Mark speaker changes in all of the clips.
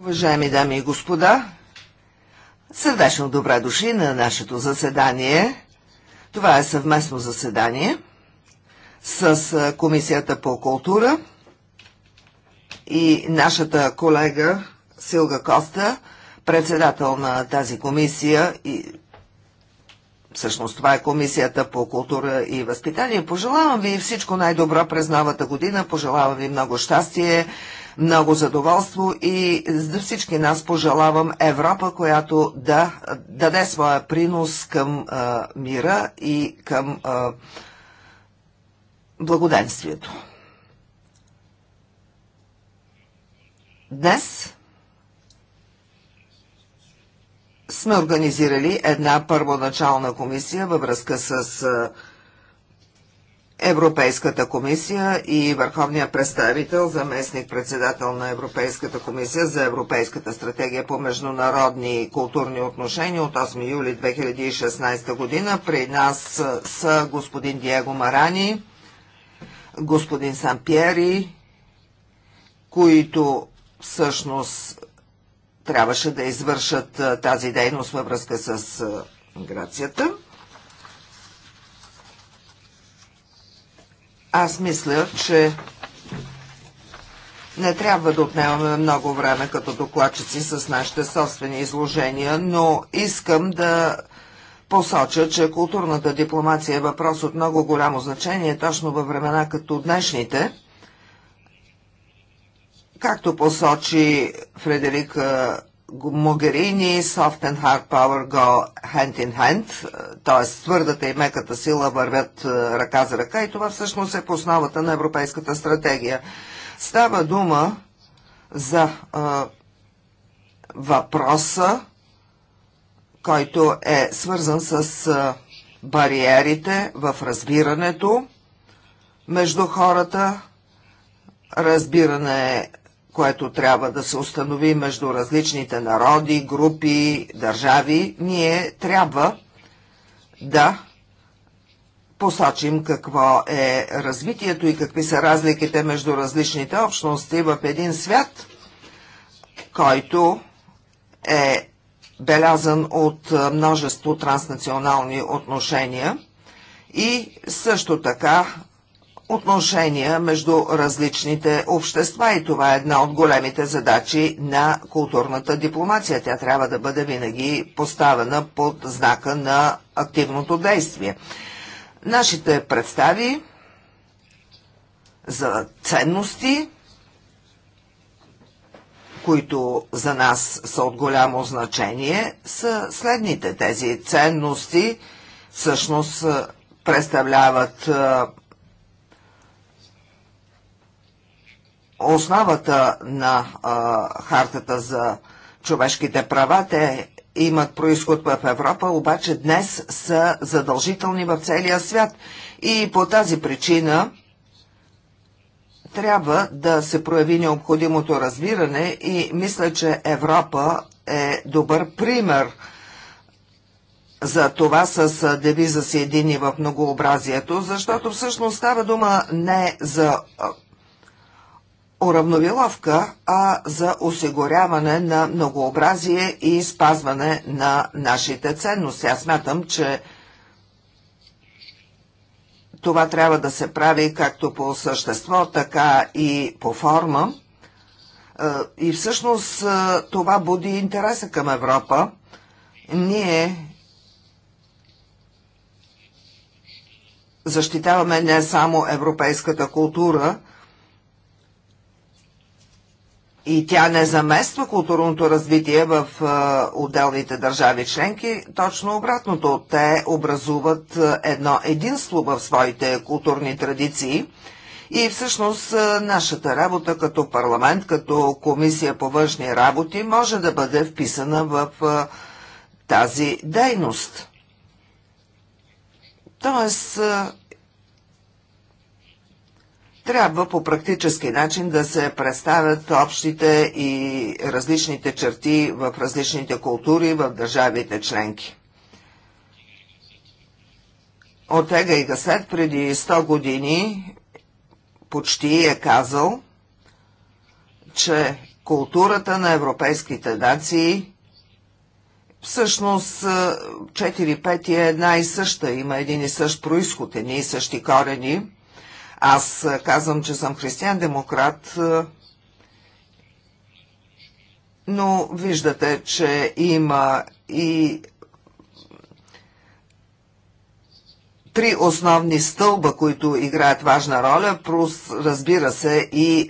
Speaker 1: Уважаеми дами и господа, сърдечно добре дошли на нашето заседание. Това е съвместно заседание с Комисията по култура и нашата колега Силга Коста, председател на тази комисия и Всъщност това е Комисията по култура и възпитание. Пожелавам ви всичко най-добро през новата година. Пожелавам ви много щастие, много задоволство и за всички нас пожелавам Европа, която да даде своя принос към а, мира и към а, благоденствието. Днес сме организирали една първоначална комисия във връзка с Европейската комисия и върховния представител, заместник председател на Европейската комисия за Европейската стратегия по международни и културни отношения от 8 юли 2016 година. При нас са господин Диего Марани, господин Сан Пьери, които всъщност трябваше да извършат тази дейност във връзка с миграцията. Аз мисля, че не трябва да отнемаме много време като докладчици с нашите собствени изложения, но искам да посоча, че културната дипломация е въпрос от много голямо значение, точно във времена като днешните – Както посочи Фредерик Могерини, Soft and Hard Power go hand in hand, т.е. твърдата и меката сила вървят ръка за ръка и това всъщност е по основата на европейската стратегия. Става дума за а, въпроса, който е свързан с а, бариерите в разбирането между хората, разбиране което трябва да се установи между различните народи, групи, държави, ние трябва да посочим какво е развитието и какви са разликите между различните общности в един свят, който е белязан от множество транснационални отношения и също така отношения между различните общества и това е една от големите задачи на културната дипломация. Тя трябва да бъде винаги поставена под знака на активното действие. Нашите представи за ценности, които за нас са от голямо значение, са следните. Тези ценности всъщност представляват основата на а, хартата за човешките права. Те имат происход в Европа, обаче днес са задължителни в целия свят. И по тази причина трябва да се прояви необходимото разбиране и мисля, че Европа е добър пример за това с девиза си едини в многообразието, защото всъщност става дума не за уравновиловка, а за осигуряване на многообразие и спазване на нашите ценности. Аз смятам, че това трябва да се прави както по същество, така и по форма. Е, и всъщност е, това буди интереса към Европа. Ние защитаваме не само европейската култура, и тя не замества културното развитие в отделните държави членки. Точно обратното, те образуват едно единство в своите културни традиции. И всъщност нашата работа като парламент, като комисия по външни работи може да бъде вписана в тази дейност. Тоест, трябва по практически начин да се представят общите и различните черти в различните култури в държавите членки. От ЕГА и Гасет преди 100 години почти е казал, че културата на европейските нации всъщност 4-5 е една и съща, има един и същ происход, едни и същи корени – аз казвам, че съм християн-демократ, но виждате, че има и три основни стълба, които играят важна роля, плюс, разбира се, и е,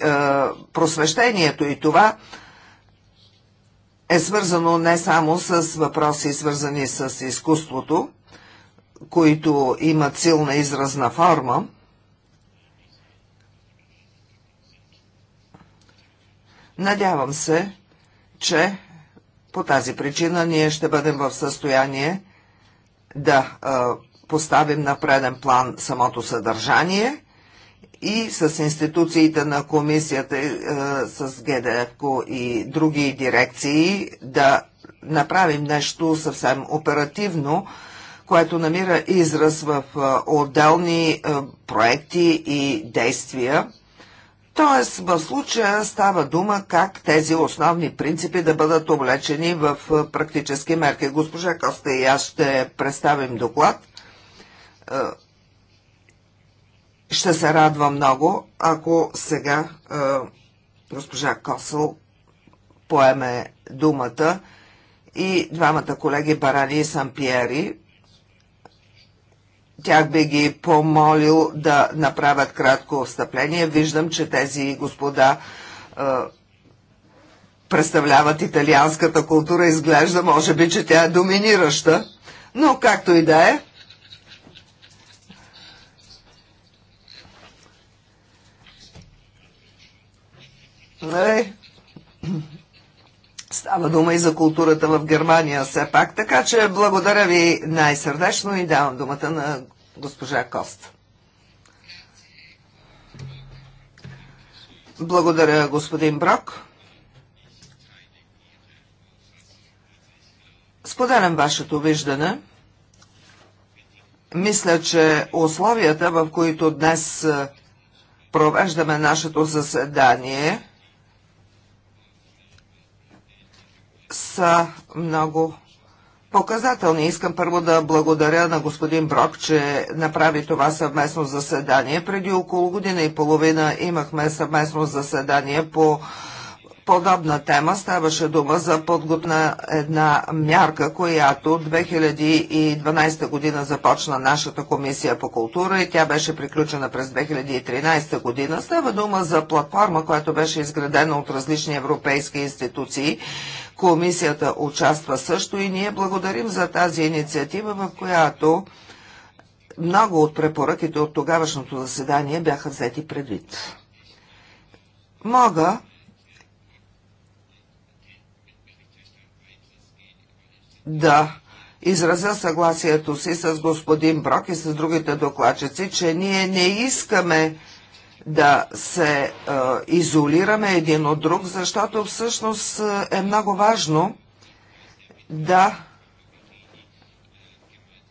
Speaker 1: просвещението. И това е свързано не само с въпроси, свързани с изкуството, които имат силна изразна форма, Надявам се, че по тази причина ние ще бъдем в състояние да а, поставим на преден план самото съдържание и с институциите на комисията, а, с ГДФКО и други дирекции да направим нещо съвсем оперативно, което намира израз в отделни проекти и действия Тоест, в случая става дума как тези основни принципи да бъдат облечени в практически мерки. Госпожа Коста и аз ще представим доклад. Ще се радва много, ако сега госпожа Косъл поеме думата и двамата колеги Барани и пиери, тях би ги помолил да направят кратко встъпление. Виждам, че тези господа е, представляват италианската култура. Изглежда, може би, че тя е доминираща. Но както и да е. Е, Става дума и за културата в Германия все пак, така че благодаря ви най-сърдечно и давам думата на госпожа Кост. Благодаря, господин Брок. Споделям вашето виждане. Мисля, че условията, в които днес провеждаме нашето заседание, са много показателни. Искам първо да благодаря на господин Брок, че направи това съвместно заседание. Преди около година и половина имахме съвместно заседание по подобна тема ставаше дума за подготна една мярка, която 2012 година започна нашата комисия по култура и тя беше приключена през 2013 година. Става дума за платформа, която беше изградена от различни европейски институции. Комисията участва също и ние благодарим за тази инициатива, в която много от препоръките от тогавашното заседание бяха взети предвид. Мога да изразя съгласието си с господин Брок и с другите докладчици, че ние не искаме да се е, изолираме един от друг, защото всъщност е, е много важно да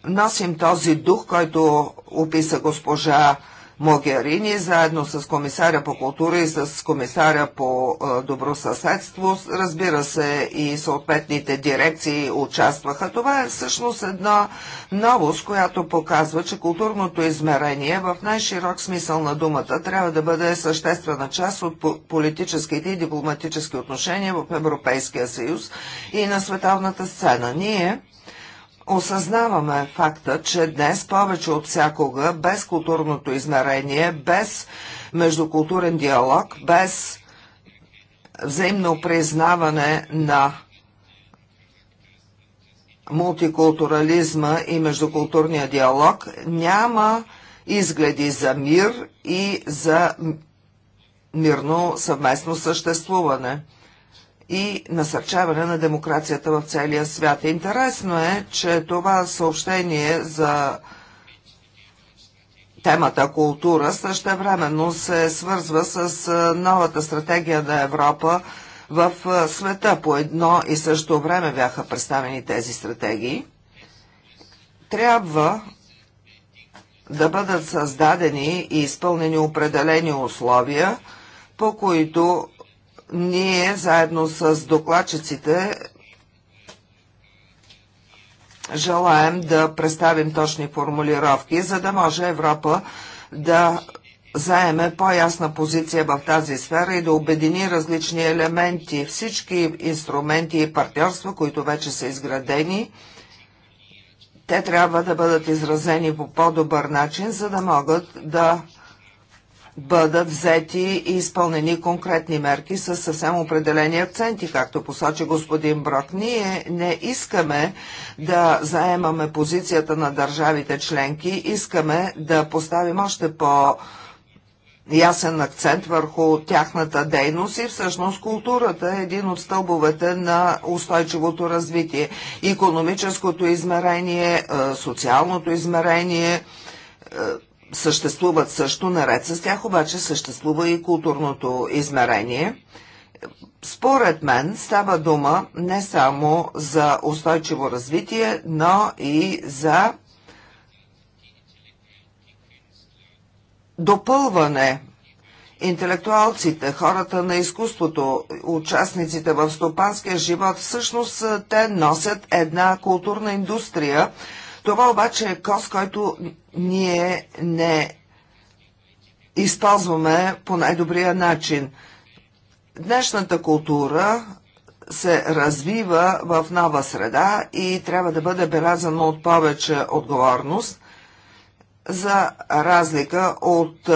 Speaker 1: носим този дух, който описа госпожа Могерини, заедно с комисаря по култура и с комисаря по е, добросъседство. Разбира се, и съответните дирекции участваха. Това е всъщност една новост, която показва, че културното измерение в най-широк смисъл на думата трябва да бъде съществена част от политическите и дипломатически отношения в Европейския съюз и на световната сцена. Ние осъзнаваме факта, че днес повече от всякога, без културното измерение, без междукултурен диалог, без взаимно признаване на мултикултурализма и междукултурния диалог, няма изгледи за мир и за мирно съвместно съществуване и насърчаване на демокрацията в целия свят. Интересно е, че това съобщение за темата култура същевременно се свързва с новата стратегия на Европа в света. По едно и също време бяха представени тези стратегии. Трябва да бъдат създадени и изпълнени определени условия, по които ние заедно с докладчиците желаем да представим точни формулировки, за да може Европа да заеме по-ясна позиция в тази сфера и да обедини различни елементи, всички инструменти и партньорства, които вече са изградени. Те трябва да бъдат изразени по по-добър начин, за да могат да бъдат взети и изпълнени конкретни мерки с съвсем определени акценти, както посочи господин Брок. Ние не искаме да заемаме позицията на държавите членки, искаме да поставим още по- ясен акцент върху тяхната дейност и всъщност културата е един от стълбовете на устойчивото развитие. Економическото измерение, е, социалното измерение, е, съществуват също, наред с тях обаче съществува и културното измерение. Според мен става дума не само за устойчиво развитие, но и за допълване Интелектуалците, хората на изкуството, участниците в стопанския живот, всъщност те носят една културна индустрия. Това обаче е кост, който ние не използваме по най-добрия начин. Днешната култура се развива в нова среда и трябва да бъде белязана от повече отговорност, за разлика от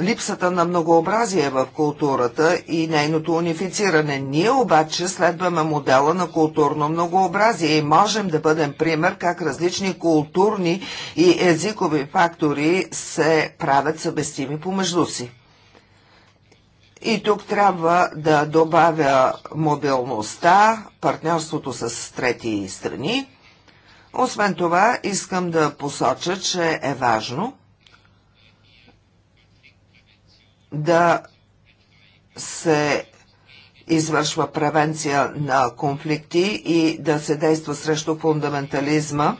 Speaker 1: липсата на многообразие в културата и нейното унифициране. Ние обаче следваме модела на културно многообразие и можем да бъдем пример как различни културни и езикови фактори се правят съвместими помежду си. И тук трябва да добавя мобилността, партньорството с трети страни. Освен това, искам да посоча, че е важно – да се извършва превенция на конфликти и да се действа срещу фундаментализма.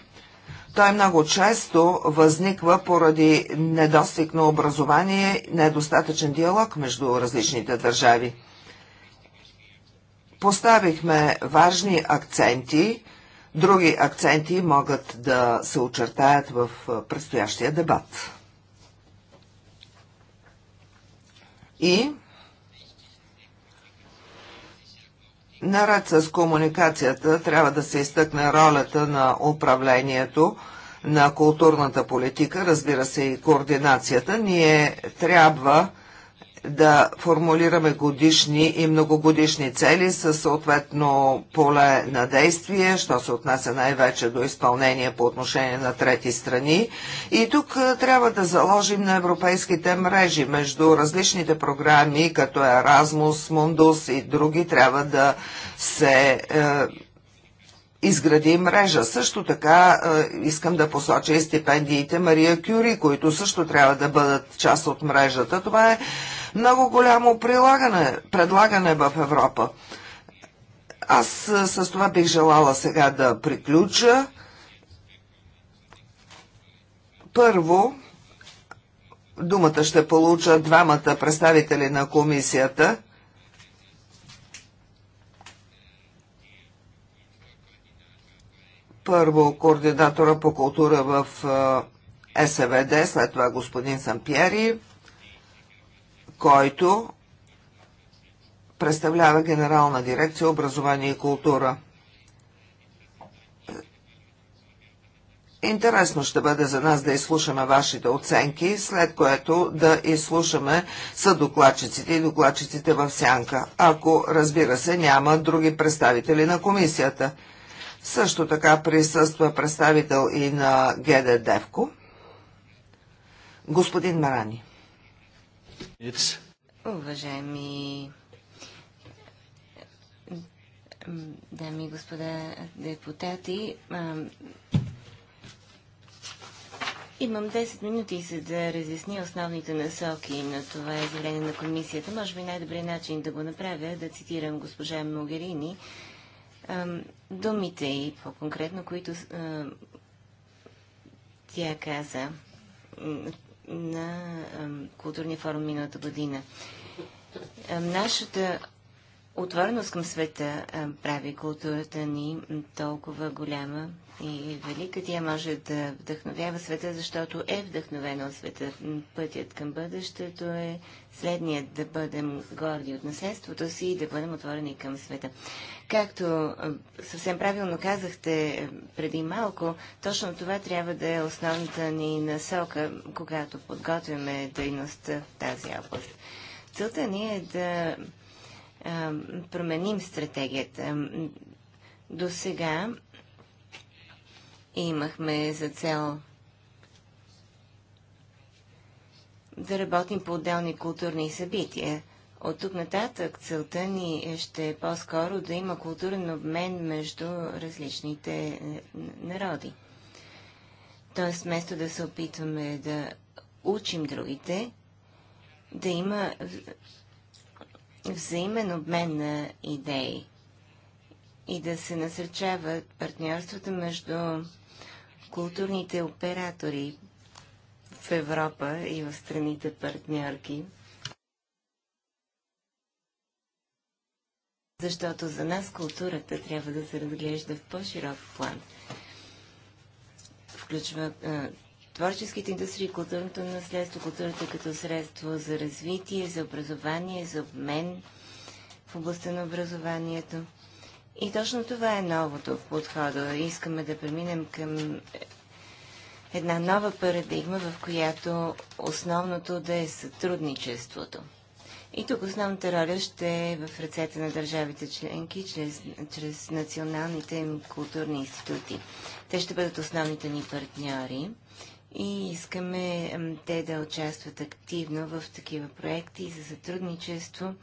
Speaker 1: Той много често възниква поради недостиг на образование, недостатъчен диалог между различните държави. Поставихме важни акценти, други акценти могат да се очертаят в предстоящия дебат. И наред с комуникацията трябва да се изтъкне ролята на управлението на културната политика, разбира се и координацията. Ние трябва да формулираме годишни и многогодишни цели със съответно поле на действие, що се отнася най-вече до изпълнение по отношение на трети страни. И тук трябва да заложим на европейските мрежи между различните програми, като Erasmus, Mundus и други, трябва да се е, изгради мрежа. Също така е, искам да посоча и стипендиите Мария Кюри, които също трябва да бъдат част от мрежата. Това е много голямо прилагане, предлагане в Европа. Аз с това бих желала сега да приключа. Първо, думата ще получа двамата представители на комисията. Първо координатора по култура в СВД, след това господин Сампиери който представлява Генерална дирекция образование и култура. Интересно ще бъде за нас да изслушаме вашите оценки, след което да изслушаме съдокладчиците и докладчиците в сянка, ако разбира се няма други представители на комисията. Също така присъства представител и на ГД Девко. Господин Марани. It's...
Speaker 2: Уважаеми дами и господа депутати, имам 10 минути, за да разясня основните насоки на това изявление на комисията. Може би най-добрият начин да го направя е да цитирам госпожа Могерини. думите и по-конкретно, които тя каза на културния форум миналата година. Нашата отвореност към света прави културата ни толкова голяма и велика. Тя може да вдъхновява света, защото е вдъхновена от света. Пътят към бъдещето е следният да бъдем горди от наследството си и да бъдем отворени към света. Както съвсем правилно казахте преди малко, точно това трябва да е основната ни насока, когато подготвяме дейността в тази област. Целта ни е да променим стратегията. До сега имахме за цел да работим по отделни културни събития. От тук нататък целта ни ще е по-скоро да има културен обмен между различните е, народи. Тоест, вместо да се опитваме да учим другите, да има взаимен обмен на идеи и да се насърчават партньорствата между културните оператори в Европа и в страните партньорки. Защото за нас културата трябва да се разглежда в по-широк план. Включва творческите индустрии, културното наследство, културата като средство за развитие, за образование, за обмен в областта на образованието. И точно това е новото в подхода. Искаме да преминем към една нова парадигма, в която основното да е сътрудничеството. И тук основната роля ще е в ръцете на държавите членки, чрез, чрез националните им културни институти. Те ще бъдат основните ни партньори и искаме те да участват активно в такива проекти за сътрудничество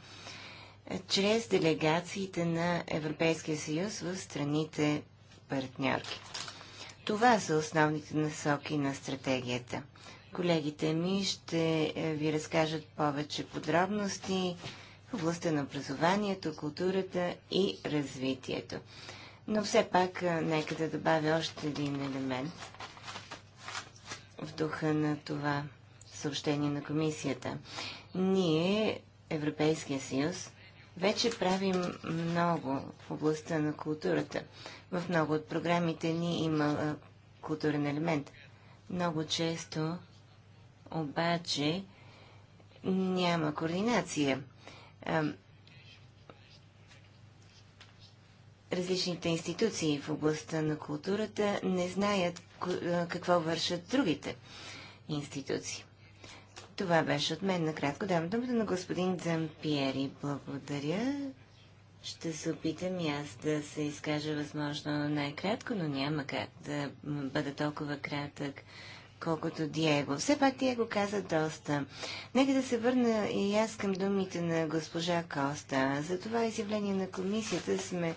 Speaker 2: е, чрез делегациите на Европейския съюз в страните партньорки. Това са основните насоки на стратегията. Колегите ми ще е, ви разкажат повече подробности в областта на образованието, културата и развитието. Но все пак е, нека да добавя още един елемент – в духа на това съобщение на комисията. Ние, Европейския съюз, вече правим много в областта на културата. В много от програмите ни има културен елемент. Много често обаче няма координация. различните институции в областта на културата не знаят какво вършат другите институции. Това беше от мен. Накратко давам думата на господин Зампиери. Благодаря. Ще се опитам и аз да се изкажа възможно най-кратко, но няма как да бъда толкова кратък, колкото Диего. Все пак Диего каза доста. Нека да се върна и аз към думите на госпожа Коста. За това изявление на комисията сме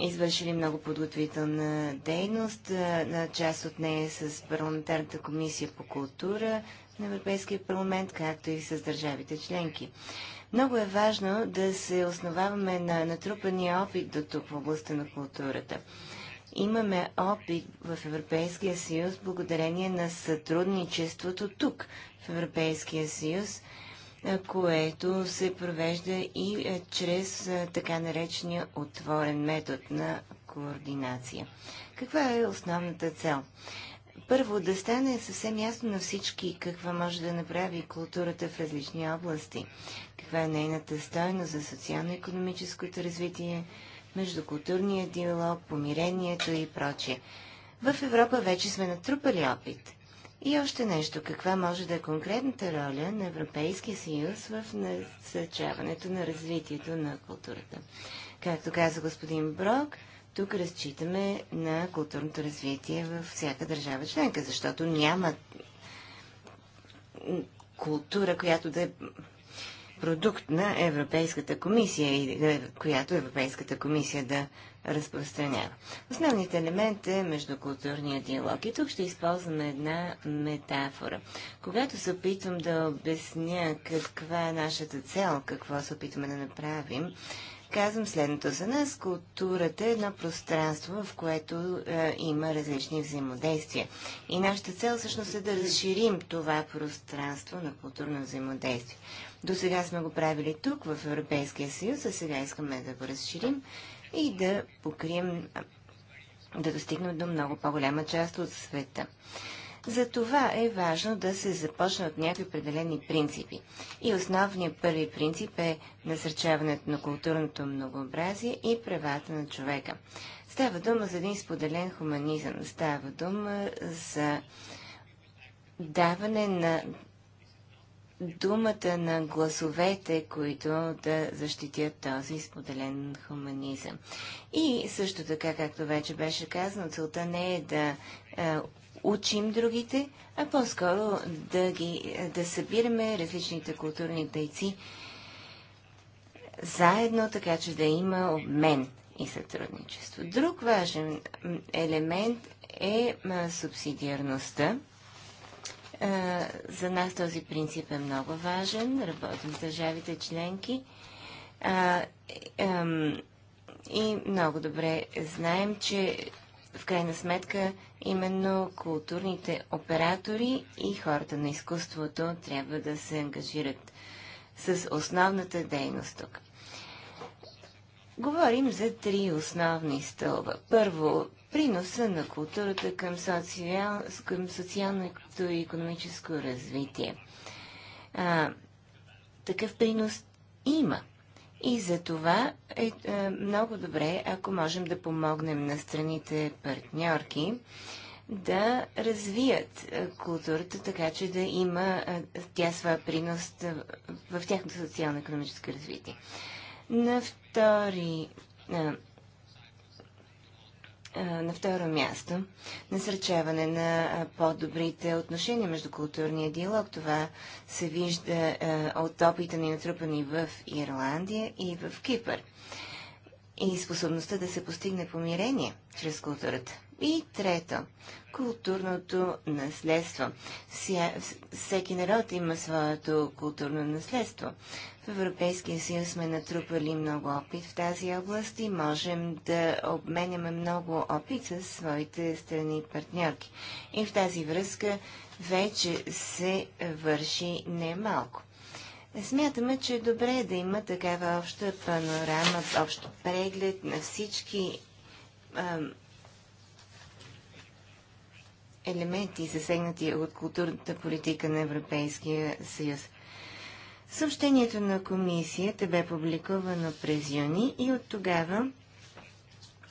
Speaker 2: извършили много подготвителна дейност. На част от нея е с парламентарната комисия по култура на Европейския парламент, както и с държавите членки. Много е важно да се основаваме на натрупания опит до тук в областта на културата. Имаме опит в Европейския съюз благодарение на сътрудничеството тук в Европейския съюз – което се провежда и чрез така наречения отворен метод на координация. Каква е основната цел? Първо, да стане съвсем ясно на всички каква може да направи културата в различни области, каква е нейната стойност за социално-економическото развитие, междукултурния диалог, помирението и прочее. В Европа вече сме натрупали опит. И още нещо, каква може да е конкретната роля на Европейския съюз в насъчаването на развитието на културата? Както каза господин Брок, тук разчитаме на културното развитие във всяка държава членка, защото няма култура, която да е продукт на Европейската комисия и е, която Европейската комисия да разпространява. Основният елемент е междукултурния диалог. И тук ще използваме една метафора. Когато се опитвам да обясня каква е нашата цел, какво се опитваме да направим, казвам следното. За нас културата е едно пространство, в което е, има различни взаимодействия. И нашата цел всъщност е да разширим това пространство на културно взаимодействие. До сега сме го правили тук, в Европейския съюз, а сега искаме да го разширим и да покрием, да достигнем до много по-голяма част от света. За това е важно да се започне от някои определени принципи. И основният първи принцип е насърчаването на културното многообразие и правата на човека. Става дума за един споделен хуманизъм. Става дума за даване на думата на гласовете, които да защитят този споделен хуманизъм. И също така, както вече беше казано, целта не е да е, учим другите, а по-скоро да, ги, да събираме различните културни тайци заедно, така че да има обмен и сътрудничество. Друг важен елемент е субсидиарността. Е, за нас този принцип е много важен. Работим с държавите членки. Е, и много добре знаем, че в крайна сметка именно културните оператори и хората на изкуството трябва да се ангажират с основната дейност тук. Говорим за три основни стълба. Първо, приноса на културата към, социал, към социалното и економическо развитие. А, такъв принос има. И за това е, е много добре, ако можем да помогнем на страните партньорки да развият е, културата, така че да има е, тя своя принос в тяхното социално-економическо развитие. На втори е, на второ място, насърчаване на по-добрите отношения между културния диалог. Това се вижда от опита ни натрупани в Ирландия и в Кипър. И способността да се постигне помирение чрез културата. И трето, културното наследство. всеки народ има своето културно наследство. В Европейския съюз сме натрупали много опит в тази област и можем да обменяме много опит с своите страни партньорки. И в тази връзка вече се върши немалко. Смятаме, че е добре да има такава обща панорама, общ преглед на всички елементи, засегнати от културната политика на Европейския съюз. Съобщението на комисията бе публикувано през юни и от тогава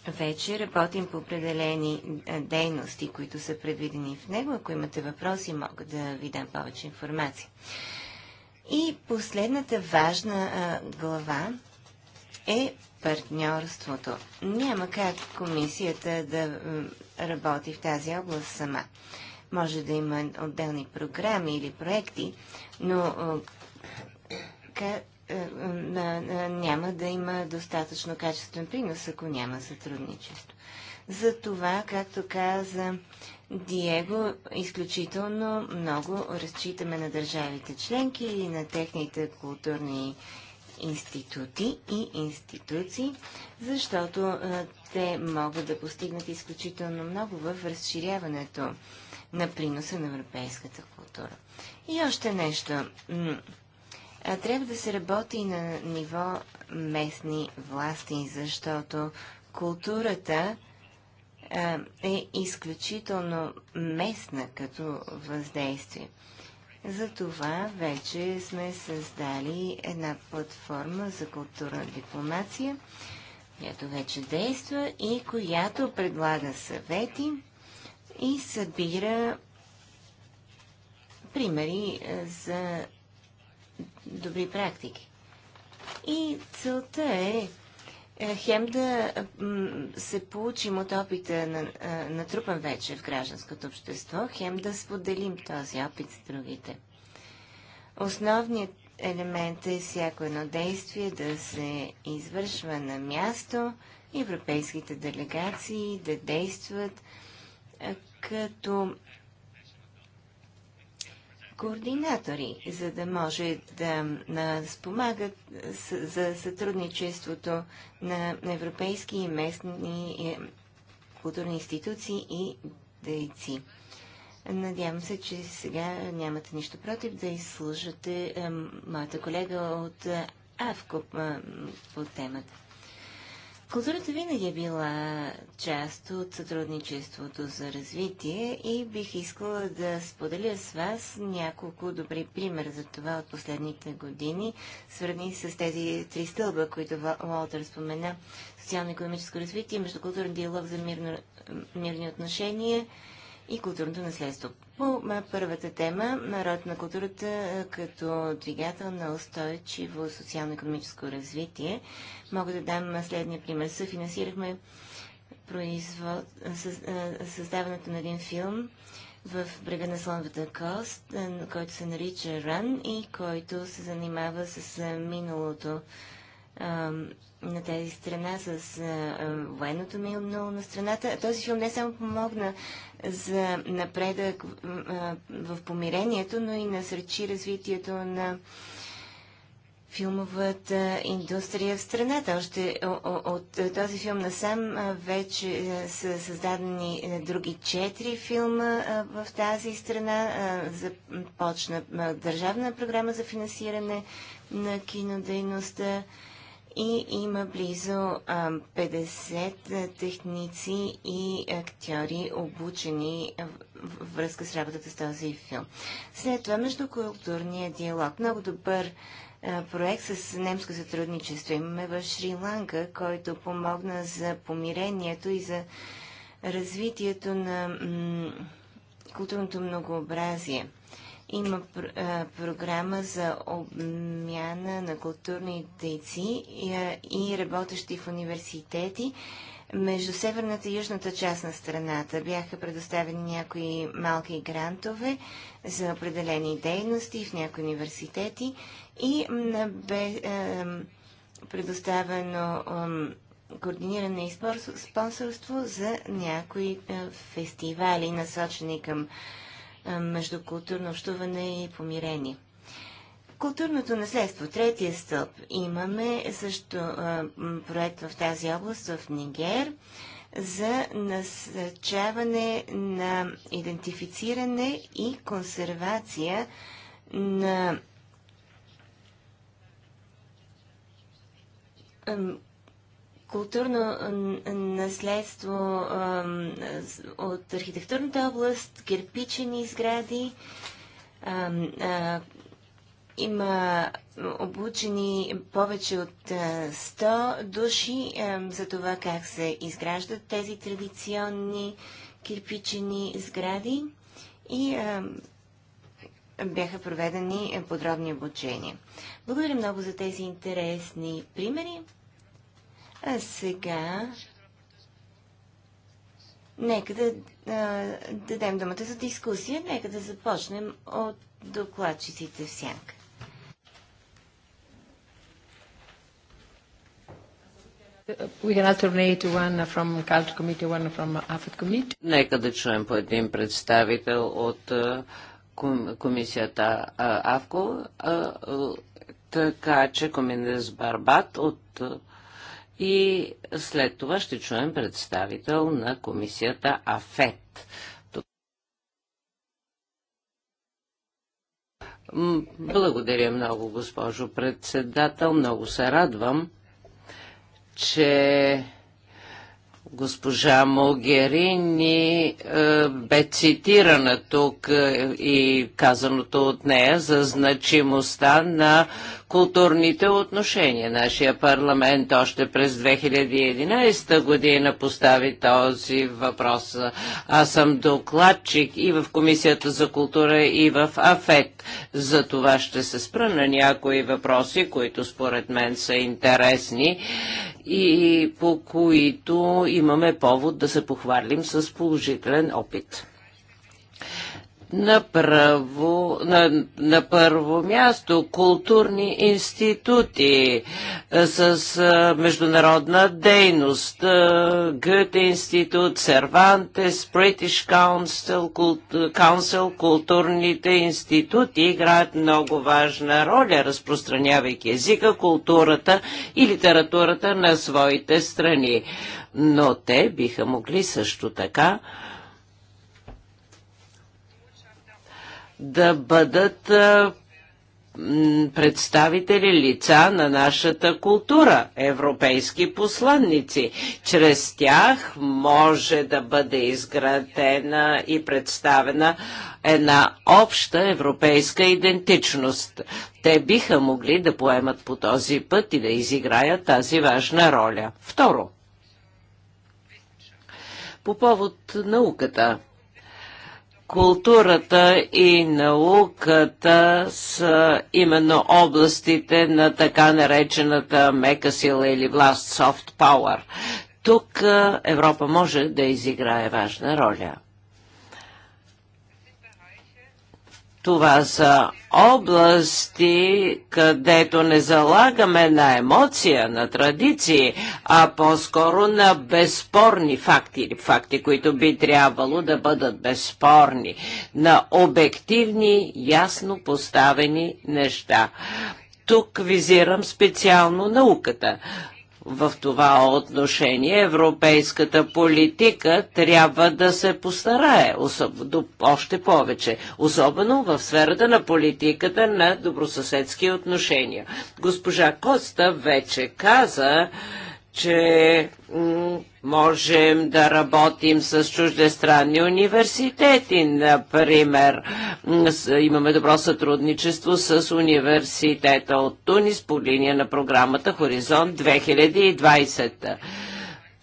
Speaker 2: вече работим по определени дейности, които са предвидени в него. Ако имате въпроси, мога да ви дам повече информация. И последната важна а, глава е партньорството. Няма как комисията да работи в тази област сама. Може да има отделни програми или проекти, но е, няма да има достатъчно качествен принос, ако няма сътрудничество. За това, както каза Диего, изключително много разчитаме на държавите членки и на техните културни институти и институции, защото е, те могат да постигнат изключително много в разширяването на приноса на европейската култура. И още нещо а трябва да се работи на ниво местни власти, защото културата а, е изключително местна като въздействие. Затова вече сме създали една платформа за културна дипломация, която вече действа и която предлага съвети и събира примери за добри практики. И целта е, е хем да се получим от опита на, е, трупан вече в гражданското общество, хем да споделим този опит с другите. Основният елемент е всяко едно действие да се извършва на място, европейските делегации да действат е, като координатори, за да може да спомагат за сътрудничеството на европейски и местни е, културни институции и дейци. Надявам се, че сега нямате нищо против да изслужате моята колега от АВКО по темата. Културата винаги е била част от сътрудничеството за развитие и бих искала да споделя с вас няколко добри примера за това от последните години, свърни с тези три стълба, които Уолтер спомена. Социално-економическо развитие, междукултурен диалог за мирно, мирни отношения – и културното наследство. По първата тема, Народ на културата като двигател на устойчиво социално-економическо развитие, мога да дам следния пример. Съфинансирахме производ... създаването на един филм в брега на Слонвата кост, който се нарича Ран и който се занимава с миналото на тази страна с военното минало е на страната. Този филм не само помогна за напредък в помирението, но и насречи развитието на филмовата индустрия в страната. Още от този филм насам вече са създадени други четири филма в тази страна. Започна държавна програма за финансиране на кинодейността и има близо 50 техници и актьори обучени във връзка с работата с този филм. След това междукултурния диалог. Много добър проект с немско сътрудничество имаме в Шри-Ланка, който помогна за помирението и за развитието на културното многообразие. Има пр а, е, програма за обмяна на културни дейци и, е, и работещи в университети между северната и южната част на страната. Бяха предоставени някои малки грантове за определени дейности в някои университети и бе е, предоставено е, координиране и спонсорство за някои фестивали, насочени към е, междукултурно общуване и помирение. Културното наследство, третия стълб. Имаме също е, проект в тази област в Нигер за насърчаване на идентифициране и консервация на културно наследство от архитектурната област, кирпичени сгради. Има обучени повече от 100 души за това как се изграждат тези традиционни кирпичени сгради и бяха проведени подробни обучения. Благодаря много за тези интересни примери. А сега нека да а, дадем думата за дискусия. Нека да започнем от докладчиците в сянка.
Speaker 3: Нека да чуем по един представител от комисията АВКО, така че комендес Барбат от и след това ще чуем представител на комисията АФЕТ. Благодаря много, госпожо председател. Много се радвам, че госпожа Могерини е, бе цитирана тук е, и казаното от нея за значимостта на културните отношения. Нашия парламент още през 2011 година постави този въпрос. Аз съм докладчик и в Комисията за култура и в АФЕТ. За това ще се спра на някои въпроси, които според мен са интересни и по които имаме повод да се похвалим с положителен опит право, на, на първо място културни институти е, с е, международна дейност. Е, Гъте институт, Сервантес, British Council, култ, Council, културните институти играят много важна роля, разпространявайки езика, културата и литературата на своите страни. Но те биха могли също така да бъдат представители лица на нашата култура, европейски посланници. Чрез тях може да бъде изградена и представена една обща европейска идентичност. Те биха могли да поемат по този път и да изиграят тази важна роля. Второ. По повод науката – Културата и науката са именно областите на така наречената мека сила или власт, soft power. Тук Европа може да изиграе важна роля. Това са области, където не залагаме на емоция, на традиции, а по-скоро на безспорни факти факти, които би трябвало да бъдат безспорни, на обективни, ясно поставени неща. Тук визирам специално науката в това отношение европейската политика трябва да се постарае особ... още повече, особено в сферата на политиката на добросъседски отношения. Госпожа Коста вече каза, че Можем да работим с чуждестранни университети, например. Имаме добро сътрудничество с университета от Тунис по линия на програмата Хоризонт 2020.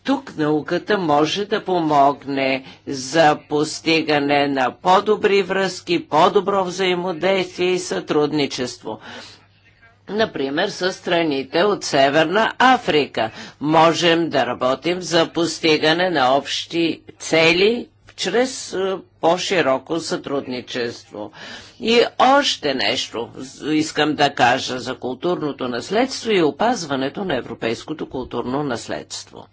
Speaker 3: Тук науката може да помогне за постигане на по-добри връзки, по-добро взаимодействие и сътрудничество например с страните от Северна Африка. Можем да работим за постигане на общи цели чрез е, по-широко сътрудничество. И още нещо искам да кажа за културното наследство и опазването на европейското културно наследство.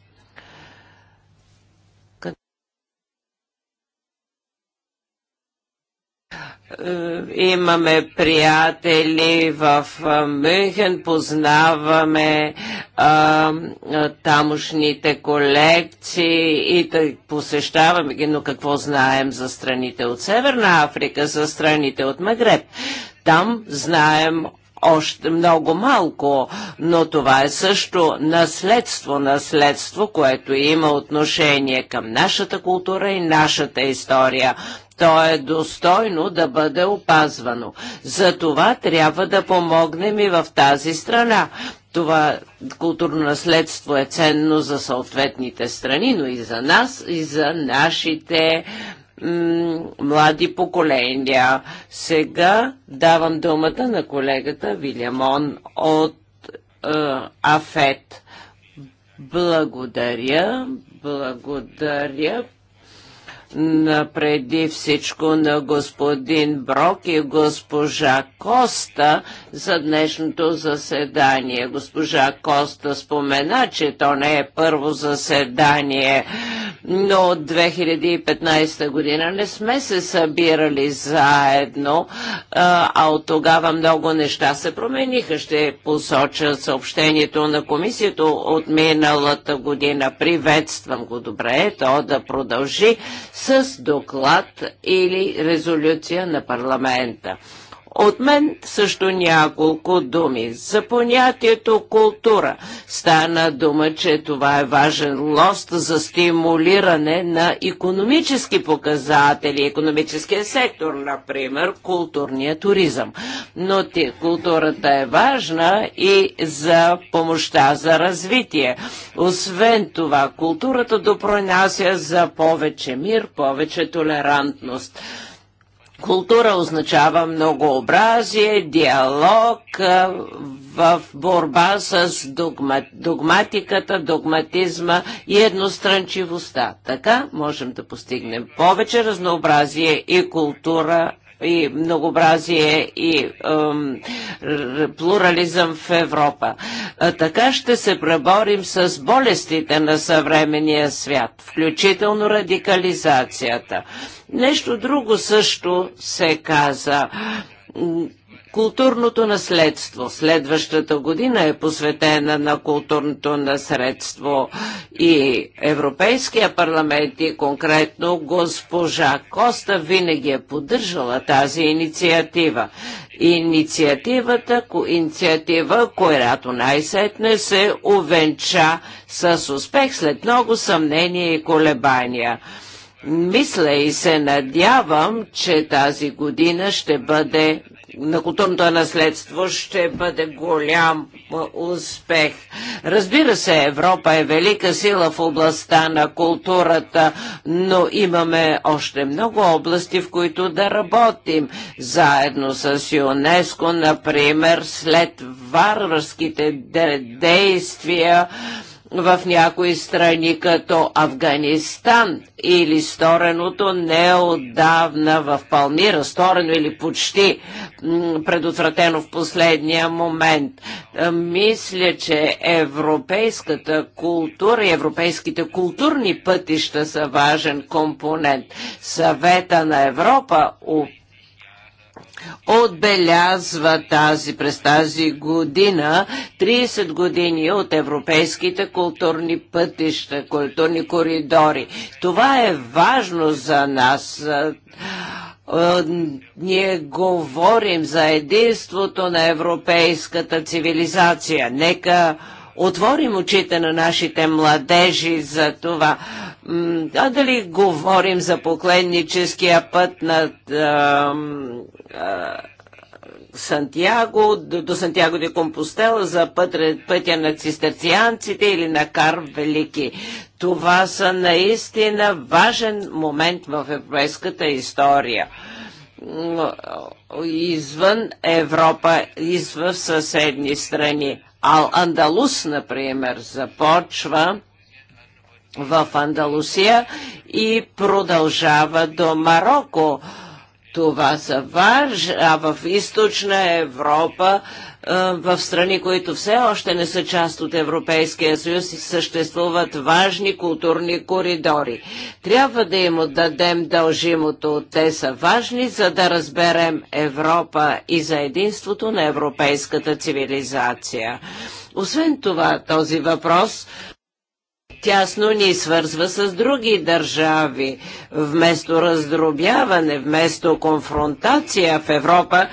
Speaker 3: Е, имаме приятели в Мюнхен, познаваме а, тамошните колекции и тъй, посещаваме ги, но какво знаем за страните от Северна Африка, за страните от Магреб? Там знаем още много малко, но това е също наследство, наследство, което има отношение към нашата култура и нашата история то е достойно да бъде опазвано. За това трябва да помогнем и в тази страна. Това културно наследство е ценно за съответните страни, но и за нас, и за нашите млади поколения. Сега давам думата на колегата Вилямон от е, АФЕТ. Благодаря, благодаря преди всичко на господин Брок и госпожа Коста за днешното заседание. Госпожа Коста спомена, че то не е първо заседание, но от 2015 година не сме се събирали заедно, а от тогава много неща се промениха. Ще посоча съобщението на комисията от миналата година. Приветствам го добре, е то да продължи с доклад или резолюция на парламента. От мен също няколко думи. За понятието култура стана дума, че това е важен лост за стимулиране на економически показатели, економическия сектор, например, културния туризъм. Но ти, културата е важна и за помощта за развитие. Освен това, културата допронася за повече мир, повече толерантност. Култура означава многообразие, диалог е, в борба с догма, догматиката, догматизма и едностранчивостта. Така можем да постигнем повече разнообразие и култура и многообразие и е, плурализъм в Европа. А така ще се преборим с болестите на съвременния свят, включително радикализацията. Нещо друго също се каза Културното наследство. Следващата година е посветена на културното наследство и Европейския парламент и конкретно госпожа Коста винаги е поддържала тази инициатива. Инициативата, инициатива, която най-сетне се увенча с успех след много съмнения и колебания. Мисля и се надявам, че тази година ще бъде на културното наследство ще бъде голям успех. Разбира се, Европа е велика сила в областта на културата, но имаме още много области, в които да работим. Заедно с ЮНЕСКО, например, след варварските действия, в някои страни като Афганистан или стореното неодавна в Палмира, сторено или почти предотвратено в последния момент. Е, мисля, че европейската култура и европейските културни пътища са важен компонент. Съвета на Европа отбелязва тази през тази година 30 години от европейските културни пътища, културни коридори. Това е важно за нас. Ние говорим за единството на европейската цивилизация. Нека отворим очите на нашите младежи за това. А дали говорим за покленническия път над. Сантьяго, до, до Сантьяго де Компостела за път, пътя на цистерцианците или на Кар Велики. Това са наистина важен момент в европейската история извън Европа, извън съседни страни. Ал-Андалус, например, започва в Андалусия и продължава до Марокко. Това са важ, а в източна Европа, е, в страни, които все още не са част от Европейския съюз, съществуват важни културни коридори. Трябва да им отдадем дължимото. Те са важни, за да разберем Европа и за единството на европейската цивилизация. Освен това, този въпрос тясно ни свързва с други държави. Вместо раздробяване, вместо конфронтация в Европа,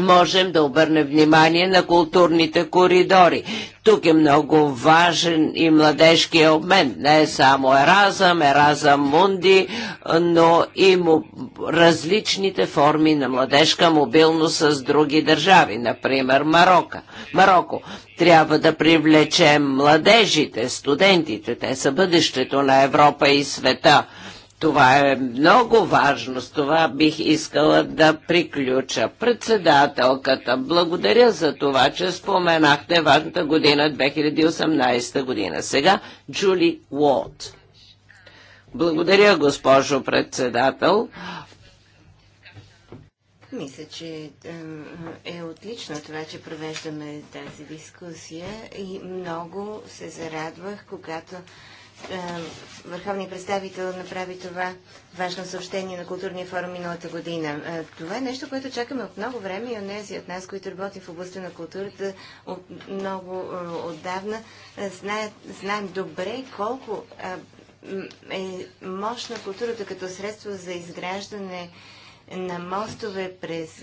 Speaker 3: можем да обърнем внимание на културните коридори. Тук е много важен и младежкия обмен. Не е само Еразъм, Еразъм Мунди, но и различните форми на младежка мобилност с други държави, например Марокко. Марокко. Трябва да привлечем младежите, студентите, те са бъдещето на Европа и света това е много важно. С това бих искала да приключа. Председателката, благодаря за това, че споменахте важната година 2018 година. Сега Джули Уолт. Благодаря, госпожо председател.
Speaker 2: Мисля, че е, е отлично това, че провеждаме тази дискусия и много се зарадвах, когато е, върховния представител направи това важно съобщение на културния форум миналата година. Е, това е нещо, което чакаме от много време и онези от нас, които работим в областта на културата от много е, отдавна, знаят, знаем добре колко е мощна културата като средство за изграждане на мостове през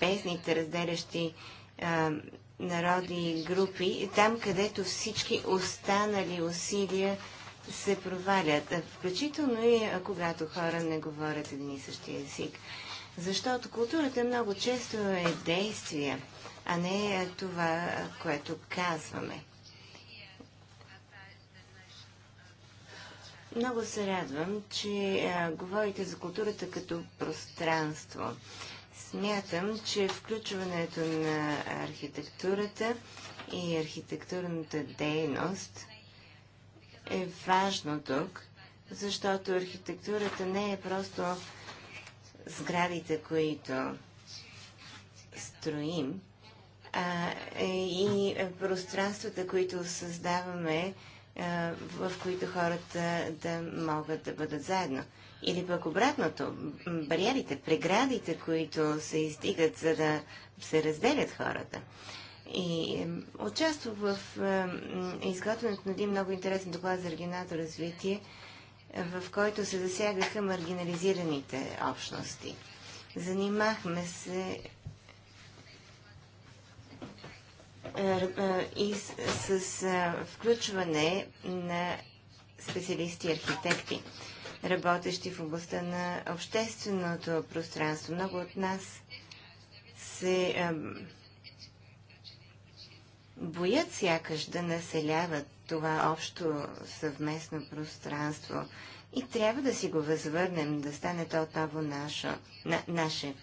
Speaker 2: бездните, разделящи народи и групи, там където всички останали усилия се провалят, включително и когато хора не говорят един и същия език. Защото културата много често е действие, а не е това, което казваме. Много се радвам, че а, говорите за културата като пространство. Смятам, че включването на архитектурата и архитектурната дейност е важно тук, защото архитектурата не е просто сградите, които строим, а е и пространствата, които създаваме, в които хората да могат да бъдат заедно. Или пък обратното, бариерите, преградите, които се издигат, за да се разделят хората и участва в изготвянето на един много интересен доклад за регионалното развитие, в който се засягаха маргинализираните общности. Занимахме се е, е, и с, с е, включване на специалисти и архитекти, работещи в областта на общественото пространство. Много от нас се боят сякаш да населяват това общо съвместно пространство и трябва да си го възвърнем, да стане то отново наше. на, наше.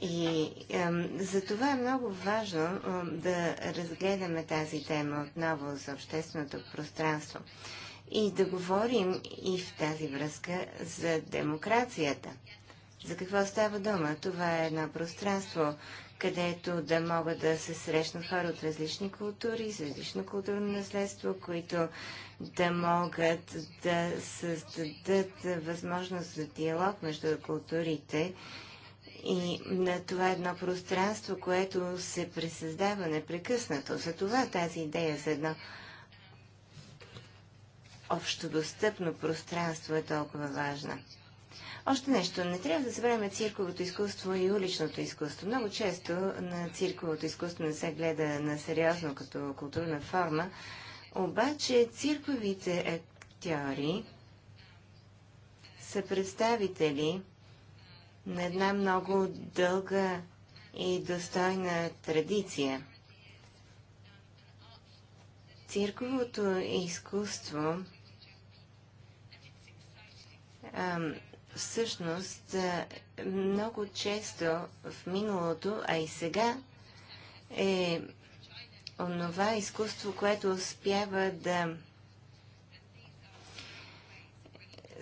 Speaker 2: И ем, за това е много важно ем, да разгледаме тази тема отново за общественото пространство и да говорим и в тази връзка за демокрацията. За какво става дума? Това е едно пространство, където да могат да се срещнат хора от различни култури, с различно културно наследство, които да могат да създадат възможност за диалог между културите. И на това е едно пространство, което се пресъздава непрекъснато. За това тази идея за едно общодостъпно пространство е толкова важна. Още нещо. Не трябва да забравяме цирковото изкуство и уличното изкуство. Много често на цирковото изкуство не се гледа на сериозно като културна форма, обаче цирковите актьори са представители на една много дълга и достойна традиция. Цирковото изкуство ам, всъщност много често в миналото, а и сега, е онова изкуство, което успява да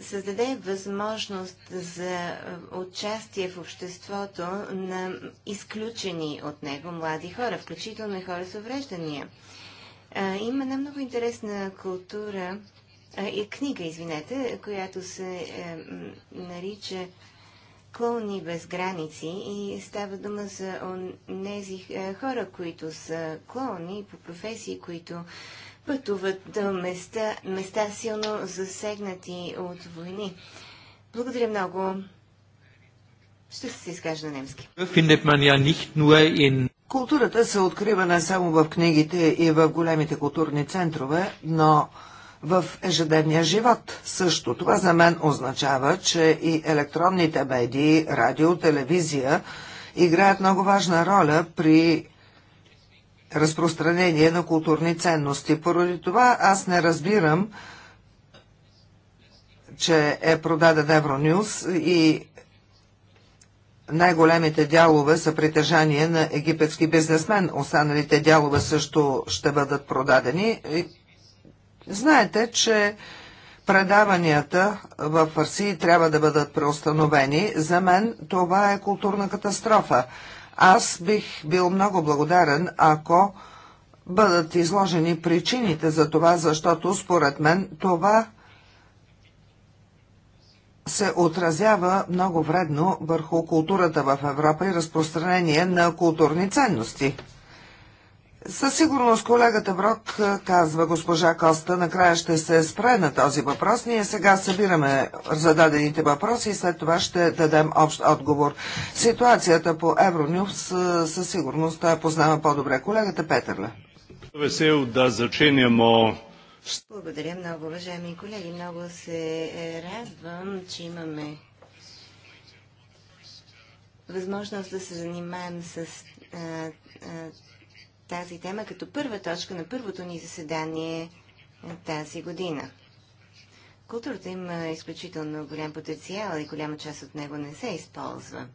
Speaker 2: създаде възможност за участие в обществото на изключени от него млади хора, включително и хора с увреждания. Има една много интересна култура, и книга, извинете, която се е, нарича Клоуни без граници и става дума за тези е, хора, които са клоуни по професии, които пътуват до места, места силно засегнати от войни. Благодаря много. Ще се изкажа на немски.
Speaker 1: Културата се открива не само в книгите и в големите културни центрове, но в ежедневния живот. Също това за мен означава, че и електронните медии, радио, телевизия играят много важна роля при разпространение на културни ценности. Поради това аз не разбирам, че е продаден Евронюс и най-големите дялове са притежание на египетски бизнесмен. Останалите дялове също ще бъдат продадени. Знаете, че предаванията в Фарси трябва да бъдат преустановени. За мен това е културна катастрофа. Аз бих бил много благодарен, ако бъдат изложени причините за това, защото според мен това се отразява много вредно върху културата в Европа и разпространение на културни ценности. Със сигурност колегата Брок казва госпожа Коста, накрая ще се спре на този въпрос. Ние сега събираме зададените въпроси и след това ще дадем общ отговор. Ситуацията по Евронюс със сигурност той познава по-добре. Колегата Петърле.
Speaker 3: Весел да зачинямо
Speaker 2: благодаря много, уважаеми колеги. Много се е, радвам, че имаме възможност да се занимаем с а, а, тази тема като първа точка на първото ни заседание тази година. Културата има изключително голям потенциал и голяма част от него не се използва.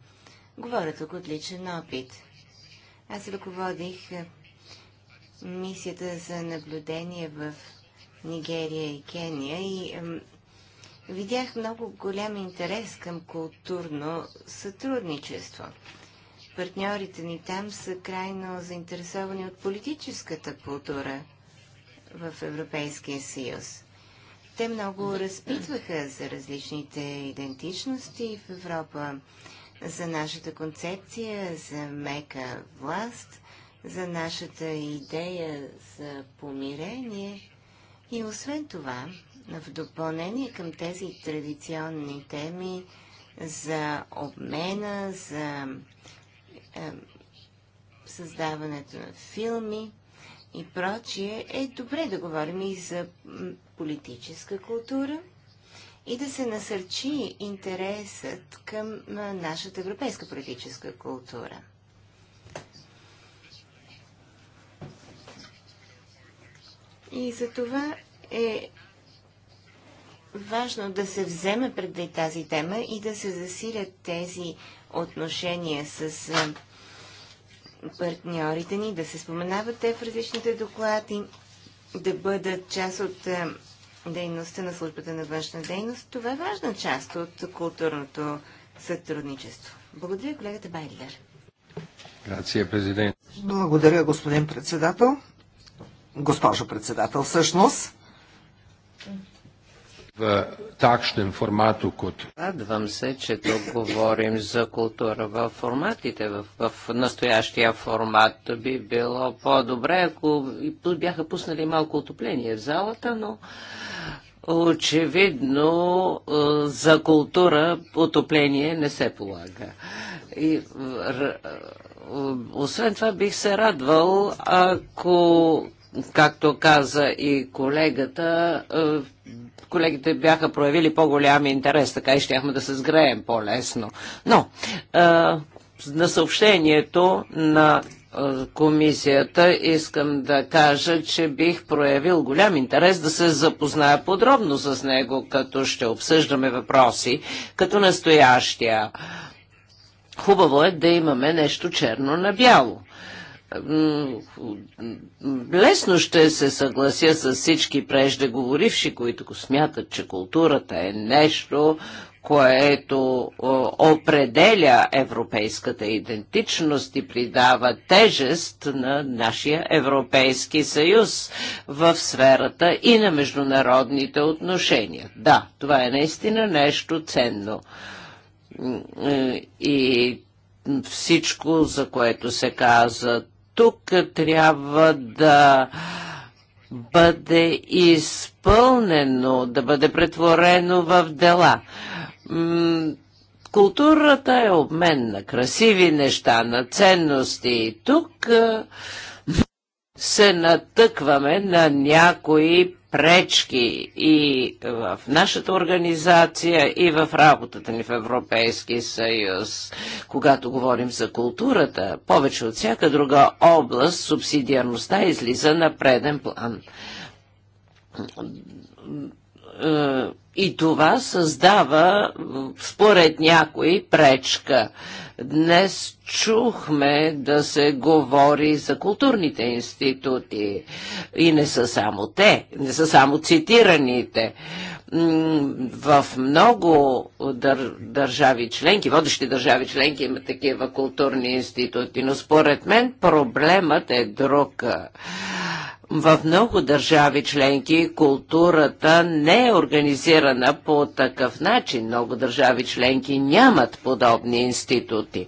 Speaker 2: Говоря тук от личен опит. Аз ръководих е, мисията за наблюдение в Нигерия и Кения и видях много голям интерес към културно сътрудничество партньорите ни там са крайно заинтересовани от политическата култура в Европейския съюз. Те много разпитваха за различните идентичности в Европа, за нашата концепция, за мека власт, за нашата идея за помирение. И освен това, в допълнение към тези традиционни теми за обмена, за е, създаването на филми и прочие, е добре да говорим и за политическа култура и да се насърчи интересът към нашата европейска политическа култура. И за това е важно да се вземе предвид тази тема и да се засилят тези отношения с партньорите ни, да се споменават те в различните доклади, да бъдат част от е, дейността на службата на външна дейност. Това е важна част от културното сътрудничество. Благодаря, колегата Байдлер.
Speaker 1: Грация, президент. Благодаря, господин председател. Госпожо председател, всъщност в е, такшнем формат код. Радвам се, че тук говорим за
Speaker 3: култура в форматите. В, в настоящия формат би било по-добре, ако бяха пуснали малко отопление в залата, но очевидно е, за култура отопление не се полага. И, е, освен това бих се радвал, ако както каза и колегата, колегите бяха проявили по-голям интерес, така и щяхме да се сгреем по-лесно. Но на съобщението на комисията, искам да кажа, че бих проявил голям интерес да се запозная подробно с него, като ще обсъждаме въпроси, като настоящия. Хубаво е да имаме нещо черно на бяло лесно ще се съглася с всички преждеговоривши, които го смятат, че културата е нещо, което определя европейската идентичност и придава тежест на нашия Европейски съюз в сферата и на международните отношения. Да, това е наистина нещо ценно. И всичко, за което се каза тук трябва да бъде изпълнено, да бъде претворено в дела. Културата е обмен на красиви неща, на ценности. И тук се натъкваме на някои пречки и в нашата организация, и в работата ни в Европейския съюз. Когато говорим за културата, повече от всяка друга област, субсидиарността излиза на преден план е, и това създава, според някои, пречка. Днес чухме да се говори за културните институти и не са само те, не са само цитираните. В много дър, държави членки, водещи държави членки има такива културни институти, но според мен проблемът е друг в много държави членки културата не е организирана по такъв начин. Много държави членки нямат подобни институти.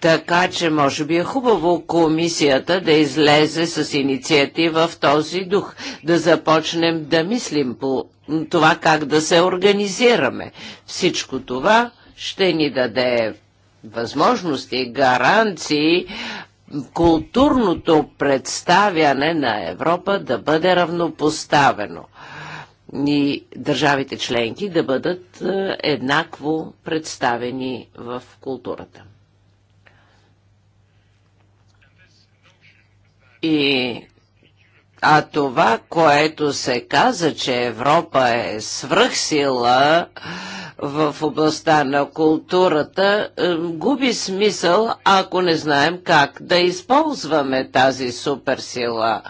Speaker 3: Така че може би е хубаво комисията да излезе с инициатива в този дух, да започнем да мислим по това как да се организираме. Всичко това ще ни даде възможности, гаранции културното представяне на Европа да бъде равнопоставено и държавите членки да бъдат е, еднакво представени в културата. И а това, което се каза, че Европа е свръхсила, сила, в областта на културата е, губи смисъл, ако не знаем как да използваме тази суперсила.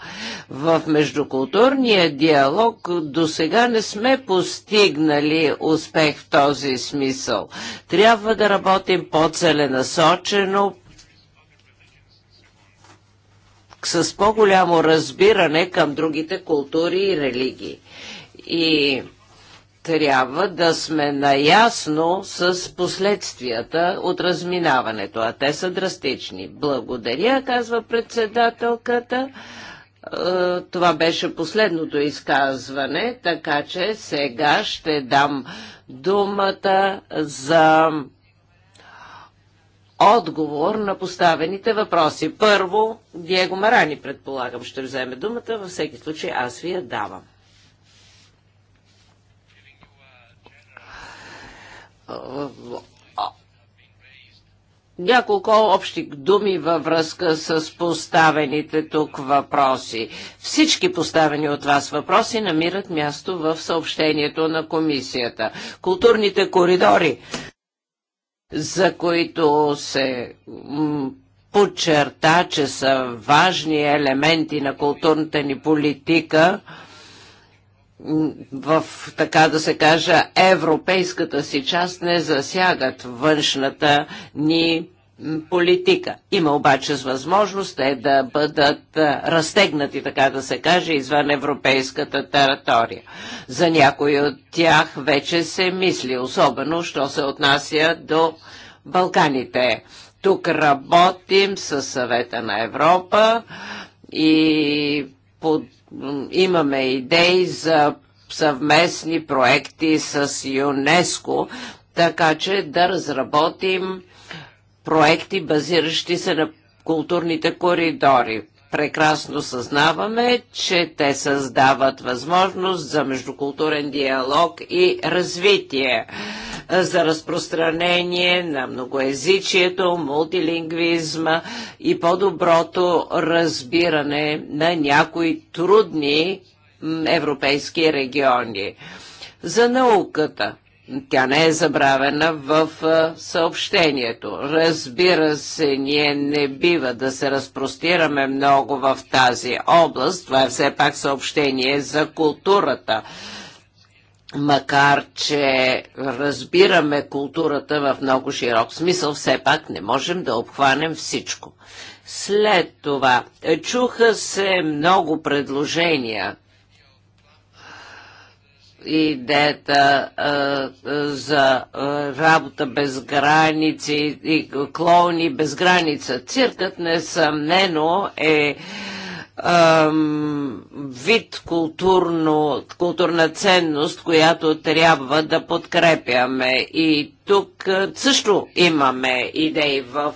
Speaker 3: В междукултурния диалог до сега не сме постигнали успех в този смисъл. Трябва да работим по-целенасочено, с по-голямо разбиране към другите култури и религии. И трябва да сме наясно с последствията от разминаването, а те са драстични. Благодаря, казва председателката. Е, това беше последното изказване, така че сега ще дам думата за отговор на поставените въпроси. Първо, Диего Марани, предполагам, ще вземе думата. Във всеки случай аз ви я давам. няколко общи думи във връзка с поставените тук въпроси. Всички поставени от вас въпроси намират място в съобщението на комисията. Културните коридори, за които се подчерта, че са важни елементи на културната ни политика – в, така да се кажа, европейската си част не засягат външната ни политика. Има обаче с възможност те да бъдат разтегнати, така да се каже, извън европейската територия. За някои от тях вече се мисли, особено, що се отнася до Балканите. Тук работим със съвета на Европа и под, имаме идеи за съвместни проекти с ЮНЕСКО, така че да разработим проекти, базиращи се на културните коридори прекрасно съзнаваме, че те създават възможност за междукултурен диалог и развитие, за разпространение на многоезичието, мултилингвизма и по-доброто разбиране на някои трудни европейски региони. За науката – тя не е забравена в съобщението. Разбира се, ние не бива да се разпростираме много в тази област. Това е все пак съобщение за културата макар че разбираме културата в много широк смисъл, все пак не можем да обхванем всичко. След това чуха се много предложения идеята а, за а, работа без граници и клоуни без граница. Циркът несъмнено е вид културно, културна ценност, която трябва да подкрепяме. И тук също имаме идеи в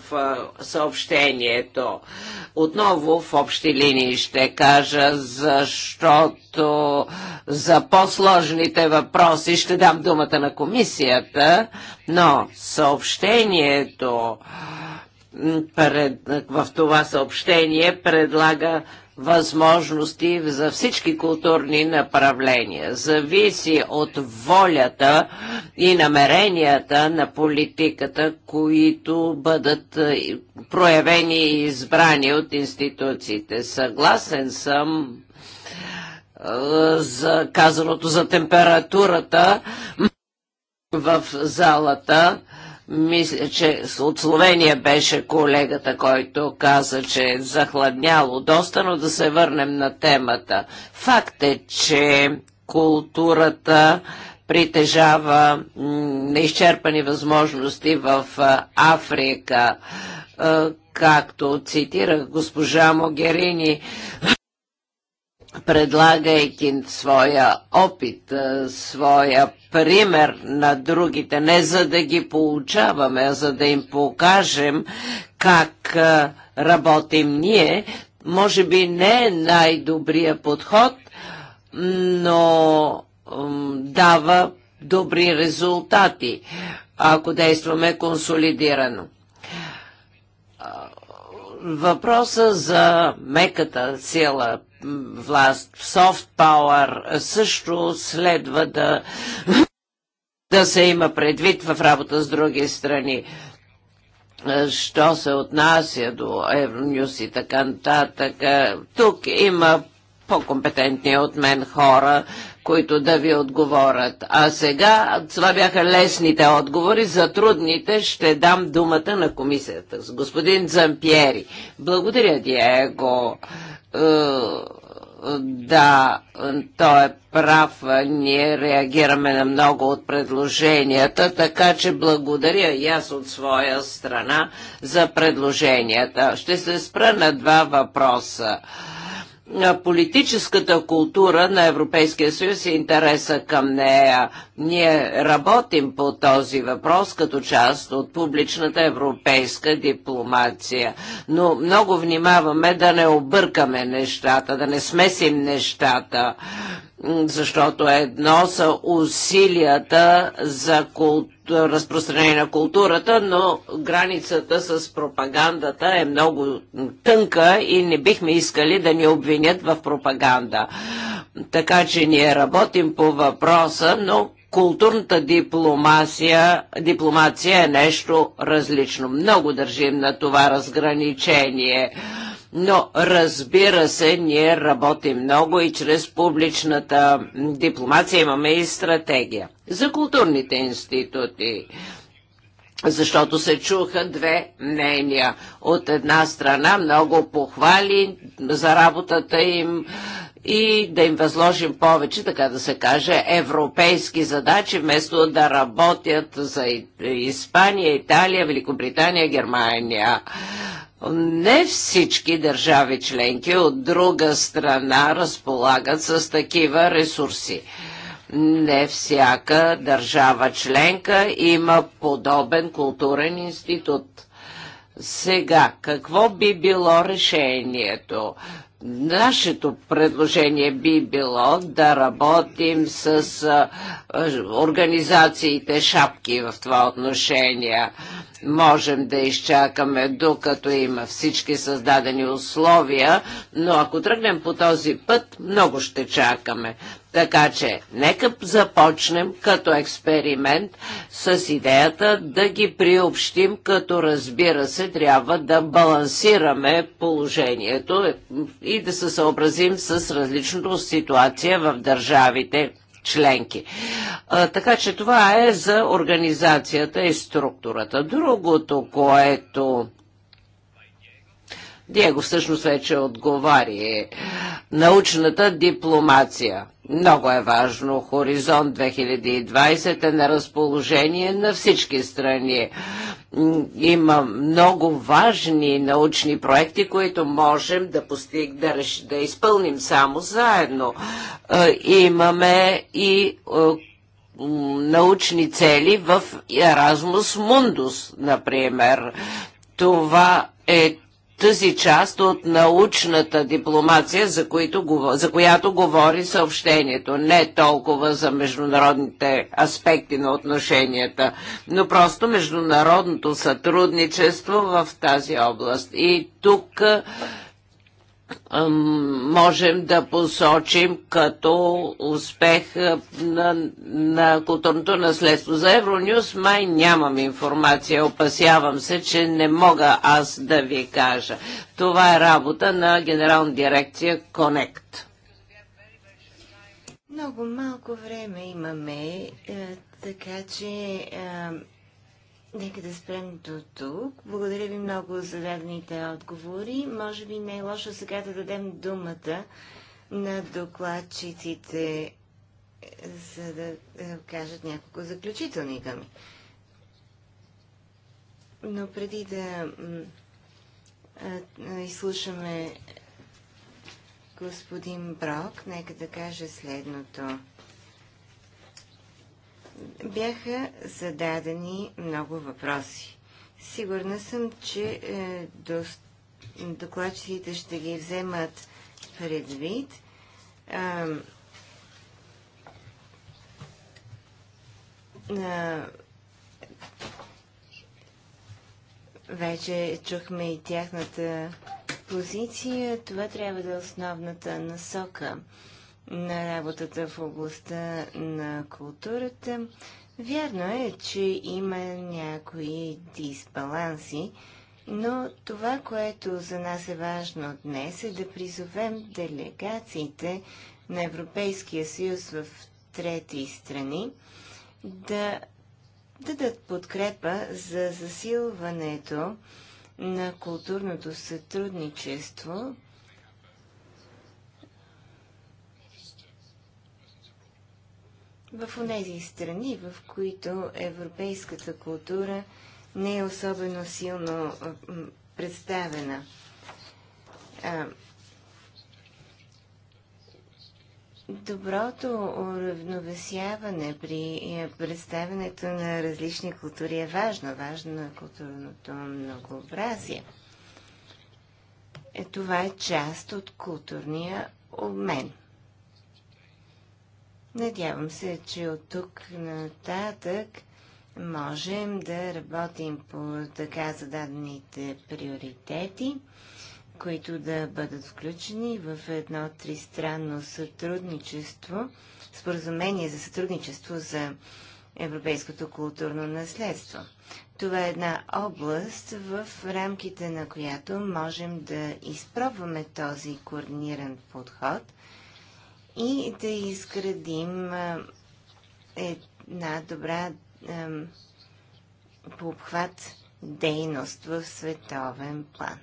Speaker 3: съобщението. Отново в общи линии ще кажа, защото за по-сложните въпроси ще дам думата на комисията, но съобщението пред, в това съобщение предлага възможности за всички културни направления. Зависи от волята и намеренията на политиката, които бъдат е, проявени и избрани от институциите. Съгласен съм е, за казаното за температурата в залата мисля, че от Словения беше колегата, който каза, че е захладняло доста, но да се върнем на темата. Факт е, че културата притежава неизчерпани възможности в Африка. Както цитирах госпожа Могерини, предлагайки своя опит, своя пример на другите, не за да ги получаваме, а за да им покажем как работим ние, може би не е най-добрия подход, но дава добри резултати, ако действаме консолидирано. Въпроса за меката сила, власт, софт пауър също следва да, да се има предвид в работа с други страни. Що се отнася до Евронюс и така нататък, тук има по-компетентни от мен хора, които да ви отговорят. А сега, това бяха лесните отговори, за трудните ще дам думата на комисията. Господин Зампиери. Благодаря, Диего. Е, да, той е прав. Ние реагираме на много от предложенията, така че благодаря и аз от своя страна за предложенията. Ще се спра на два въпроса политическата култура на Европейския съюз и интереса към нея. Ние работим по този въпрос като част от публичната европейска дипломация, но много внимаваме да не объркаме нещата, да не смесим нещата, защото едно са усилията за култура разпространение на културата, но границата с пропагандата е много тънка и не бихме искали да ни обвинят в пропаганда. Така че ние работим по въпроса, но културната дипломация, дипломация е нещо различно. Много държим на това разграничение но разбира се, ние работим много и чрез публичната дипломация имаме и стратегия. За културните институти защото се чуха две мнения. От една страна много похвали за работата им и да им възложим повече, така да се каже, европейски задачи, вместо да работят за Испания, Италия, Великобритания, Германия. Не всички държави членки от друга страна разполагат с такива ресурси. Не всяка държава членка има подобен културен институт. Сега, какво би било решението? Нашето предложение би било да работим с организациите шапки в това отношение. Можем да изчакаме докато има всички създадени условия, но ако тръгнем по този път, много ще чакаме. Така че, нека започнем като експеримент с идеята да ги приобщим, като разбира се, трябва да балансираме положението и да се съобразим с различната ситуация в държавите членки. А, така че това е за организацията и структурата. Другото, което Диего всъщност вече отговари. Е научната дипломация. Много е важно. Хоризонт 2020 е на разположение на всички страни има много важни научни проекти, които можем да, постиг, да, реш, да изпълним само заедно. Е, имаме и е, научни цели в Erasmus Mundus, например. Това е тази част от научната дипломация, за, които, за която говори съобщението. Не толкова за международните аспекти на отношенията, но просто международното сътрудничество в тази област. И тук можем да посочим като успех на, на културното наследство. За Евронюс май нямам информация, опасявам се, че не мога аз да ви кажа. Това е работа на генерална дирекция Connect.
Speaker 2: Много малко време имаме, е, така че е, Нека да спрем до тук. Благодаря ви много за дадените отговори. Може би не е лошо сега да дадем думата на докладчиците, за да е, кажат няколко заключителни думи. Но преди да изслушаме господин Брок, нека да каже следното бяха зададени много въпроси. Сигурна съм, че е, до, докладчиците ще ги вземат предвид. А, вече чухме и тяхната позиция. Това трябва да е основната насока на работата в областта на културата. Вярно е, че има някои дисбаланси, но това, което за нас е важно днес е да призовем делегациите на Европейския съюз в трети страни да дадат подкрепа за засилването на културното сътрудничество в онези страни, в които европейската култура не е особено силно представена. доброто уравновесяване при е, представянето на различни култури е важно. Важно е културното многообразие. Е, това е част от културния обмен. Надявам се, че от тук нататък можем да работим по така зададените приоритети, които да бъдат включени в едно тристранно сътрудничество, споразумение за сътрудничество за европейското културно наследство. Това е една област, в рамките на която можем да изпробваме този координиран подход – и да изградим една добра по обхват дейност в световен план.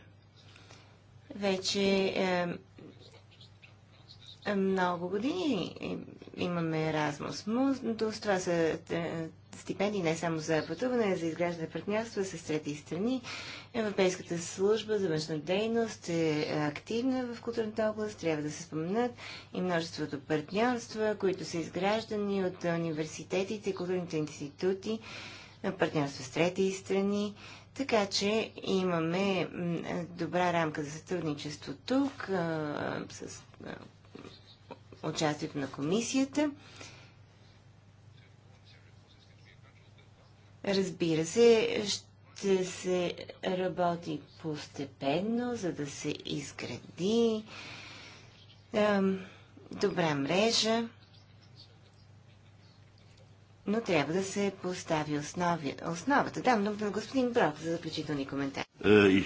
Speaker 2: Вече много години е, имаме Еразмус с Това са стипендии не само за пътуване, а за изграждане партньорства с трети страни Европейската служба за външна дейност е активна в културната област, трябва да се споменат и множеството партньорства, които са изграждани от университетите, културните институти, партньорства с трети страни. Така че имаме е, добра рамка за сътрудничество тук с участието на комисията. Разбира се, ще ще се работи постепенно, за да се изгради е, добра мрежа, но трябва да се постави основи, основата. Дам думата на господин Брок за заключителни коментари.
Speaker 1: Е,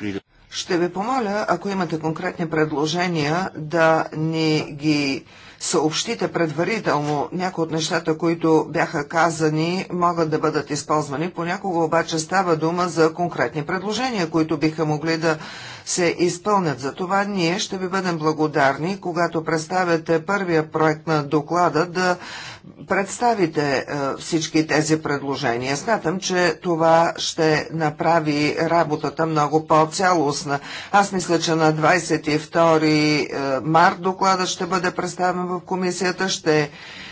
Speaker 1: е, ще ви помоля, ако имате конкретни предложения, да ни ги съобщите предварително някои от нещата, които бяха казани, могат да бъдат използвани. Понякога обаче става дума за конкретни предложения, които биха могли да се изпълнят. За това ние ще ви бъдем благодарни, когато представяте първия проект на доклада да представите е, всички тези предложения. Смятам, че това ще направи работата много по-цялостна. Аз мисля, че на 22 е, март доклада ще бъде представен в комисията. Ще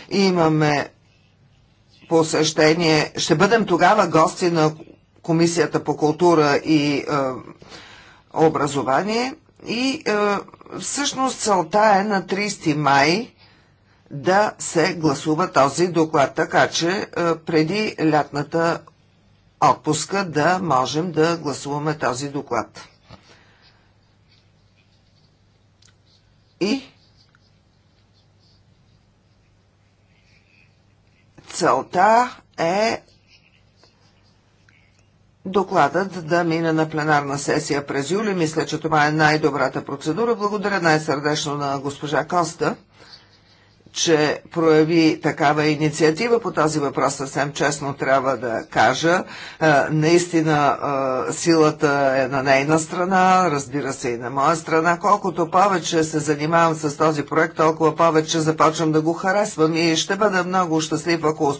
Speaker 1: имаме посещение. Ще бъдем тогава гости на Комисията по култура и е, образование и е, всъщност целта е на 30 май да се гласува този доклад, така че е, преди лятната отпуска да можем да гласуваме този доклад. И целта е докладът да мине на пленарна сесия през юли. Мисля, че това е най-добрата процедура. Благодаря най-сърдечно на госпожа Коста, че прояви такава инициатива. По този въпрос съвсем честно трябва да кажа. Е, наистина е, силата е на нейна страна, разбира се и на моя страна. Колкото повече се занимавам с този проект, толкова повече започвам да го харесвам и ще бъда много щастлив, ако